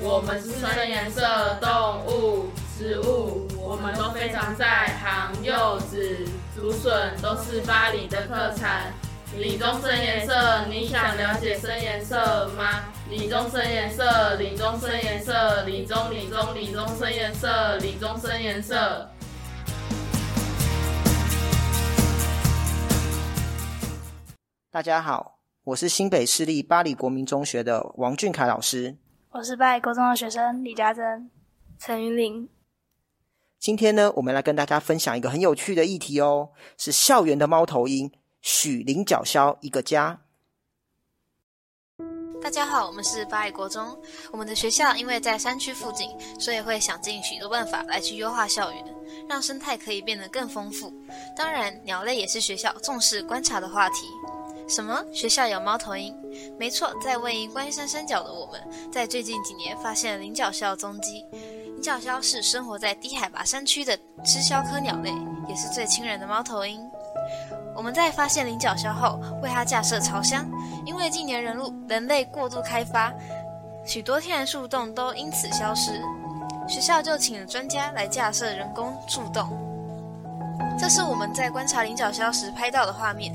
我們是森顏色動物、植物，我們都非常在行。柚子、竹筍都是八里的特產。里中森顏色，你想了解森顏色嗎？里中森顏色，里中森顏色，里中里中里中森顏色，里中森顏色。大家好，我是新北市立八里國民中學的王俊凱老師。我是八愛國中的學生李嘉珍、陳雲玲。今天呢，我們來跟大家分享一個很有趣的議題哦，是校園的貓頭鷹——許領角鴞一個家。大家好，我們是八愛國中。我們的學校因為在山區附近，所以會想盡許多辦法來去優化校園，讓生態可以變得更豐富。當然，鳥類也是學校重視觀察的話題。什麼學校有貓頭鷹？沒錯，在位於觀音山山腳的我們，在最近幾年發現領角鴞蹤跡。領角鴞是生活在低海拔山區的鴟鴞科鳥類，也是最親人的貓頭鷹。我們在發現領角鴞後，為它架設巢箱，因為近年人入人類過度開發，許多天然樹洞都因此消失。學校就請了專家來架設人工樹洞。這是我們在觀察領角鴞時拍到的畫面。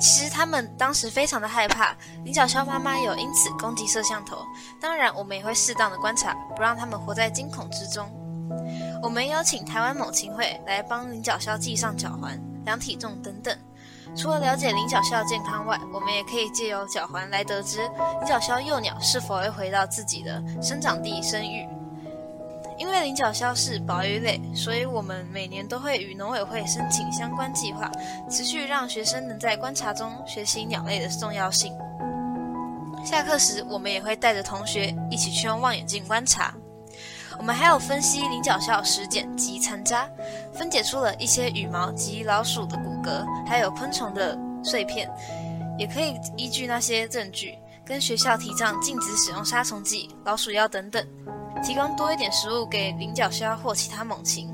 其實它們當時非常的害怕，領角鴞媽媽有因此攻擊攝像頭。當然，我們也會適當的觀察，不讓他們活在驚恐之中。我們邀請台灣猛禽會來幫領角鴞繫上腳環、量體重等等。除了了解領角鴞健康外，我們也可以借由腳環來得知領角鴞幼鳥是否會回到自己的生長地生育。因為領角鴞是保育類，所以我們每年都會與農委會申請相關計劃，持續讓學生能在觀察中學習鳥類的重要性。下課時，我們也會帶着同學一起去用望遠鏡觀察。我們還有分析領角鴞食繭及殘渣，分解出了一些羽毛及老鼠的骨骼，還有昆蟲的碎片。也可以依據那些證據，跟學校提倡禁止使用殺蟲劑、老鼠藥等等。提供多一點食物給領角鴞或其他猛禽。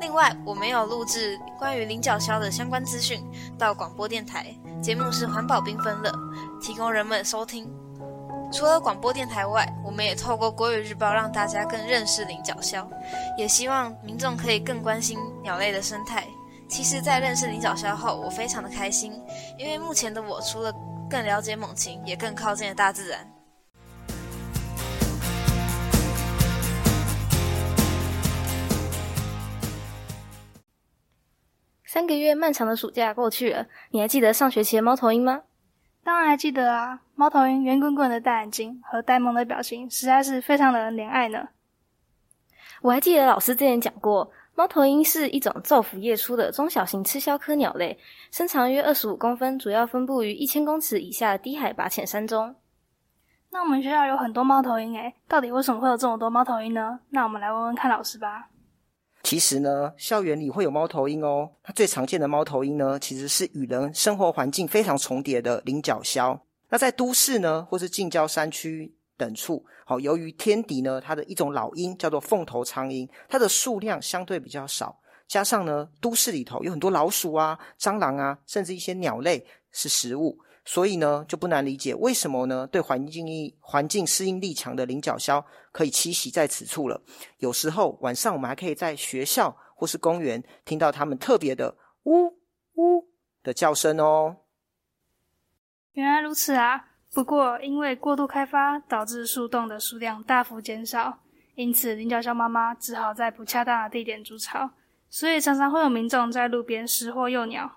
另外，我沒有錄製關於領角鴞的相關資訊到廣播電台節目是，是環保繽紛樂，提供人們收聽。除了廣播電台外，我們也透過國語日報讓大家更認識領角鴞，也希望民眾可以更關心鳥類的生態。其實，在認識領角鴞後，我非常的開心，因為目前的我除了更了解猛禽，也更靠近了大自然。三個月漫長的暑假過去了，你還記得上學期的貓頭鷹嗎？當然還記得啊！貓頭鷹圓滾滾,滾的大眼睛和呆萌的表情，實在是非常的憐愛呢。我還記得老師之前講過，貓頭鷹是一種晝伏夜出的中小型鴟鴞科鳥類，身長約二十五公分，主要分布於一千公尺以下的低海拔淺山中。那我們學校有很多貓頭鷹誒，到底為什麼會有這麼多貓頭鷹呢？那我們來問問看老師吧。其實呢，校園裡會有貓頭鷹哦。它最常見的貓頭鷹呢，其實是與人生活環境非常重疊的領角鴞。那在都市呢，或是近郊山區等處，好，由於天敵呢，它的一種老鷹叫做鳳頭蒼鷹，它的數量相對比較少。加上呢，都市裡頭有很多老鼠啊、蟑螂啊，甚至一些鳥類是食物。所以呢，就不難理解為什麼呢，對環境、環境適應力強的領角鴞可以棲息在此處了。有時候晚上，我們還可以在學校或是公園聽到它們特別的嗚“嗚嗚”的叫聲哦。原來如此啊！不過因為過度開發，導致樹洞的數量大幅減少，因此領角鴞媽媽只好在不恰當的地點築巢，所以常常會有民眾在路邊拾獲幼鳥。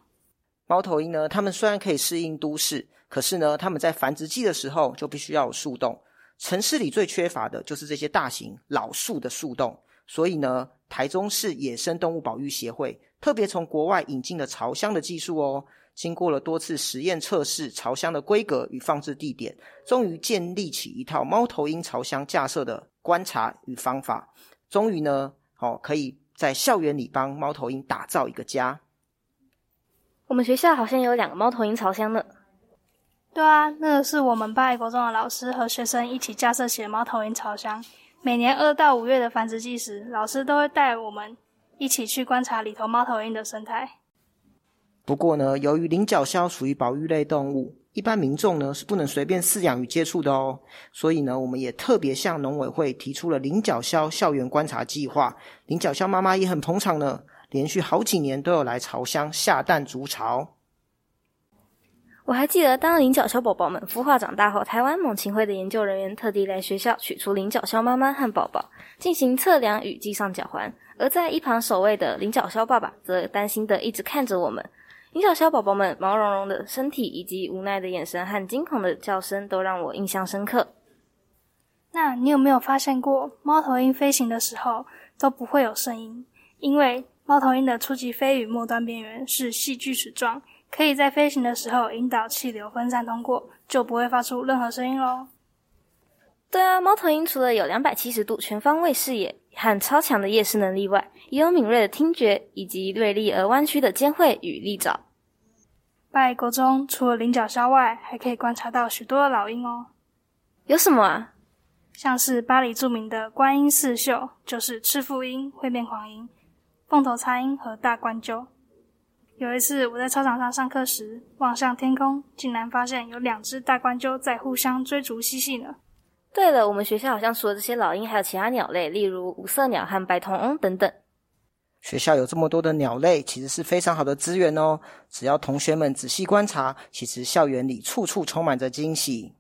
貓頭鷹呢，它們雖然可以適應都市，可是呢，它們在繁殖季的時候就必須要有樹洞。城市裡最缺乏的就是這些大型老樹的樹洞。所以呢，台中市野生動物保育協會特別從國外引進了巢箱的技術哦。經過了多次實驗測試，巢箱的規格與放置地點，終於建立起一套貓頭鷹巢箱架設的觀察與方法。終於呢，哦，可以在校園裡幫貓頭鷹打造一個家。我們學校好像有兩個貓頭鷹巢箱呢。對啊，那是我們八一國中的老師和學生一起架設起的貓頭鷹巢箱。每年二到五月的繁殖季時，老師都會帶我們一起去觀察裡頭貓頭鷹的生態。不過呢，由於領角鴞屬於保育類動物，一般民眾呢是不能隨便飼養與接觸的哦。所以呢，我們也特別向農委會提出了領角鴞校園觀察計劃，領角鴞媽媽也很捧場呢。連續好幾年都有來巢箱下蛋築巢。我還記得，當領角鴞寶寶們孵化長大後，台灣猛禽會的研究人員特地來學校取出領角鴞媽媽和寶寶，進行測量與繫上腳環。而在一旁守衛的領角鴞爸爸則擔心的一直看着我們。領角鴞寶寶們毛茸茸的身體以及無奈的眼神和驚恐的叫聲都讓我印象深刻。那你有沒有發現過，貓頭鷹飛行的時候都不會有聲音，因為貓頭鷹的初級飛羽末端邊緣是細鋸齒狀，可以在飛行的時候引導氣流分散通過，就不會發出任何聲音嘍。對啊，貓頭鷹除了有兩百七十度全方位視野和超強的夜視能力外，也有敏銳的聽覺以及銳利而彎曲的尖喙與利爪。八里國中除了領角鴞外，還可以觀察到許多的老鷹哦。有什麼啊？像是八里著名的觀音四秀，就是赤腹鷹、灰面鵟鷹。鳳頭蒼鷹和大冠鷲。有一次，我在操場上上課時，望向天空，竟然發現有兩只大冠鷲在互相追逐嬉戲呢。對了，我們學校好像除了這些老鷹，還有其他鳥類，例如五色鳥和白頭翁等等。學校有這麼多的鳥類，其實是非常好的資源哦。只要同學們仔細觀察，其實校園裡處處充滿着驚喜。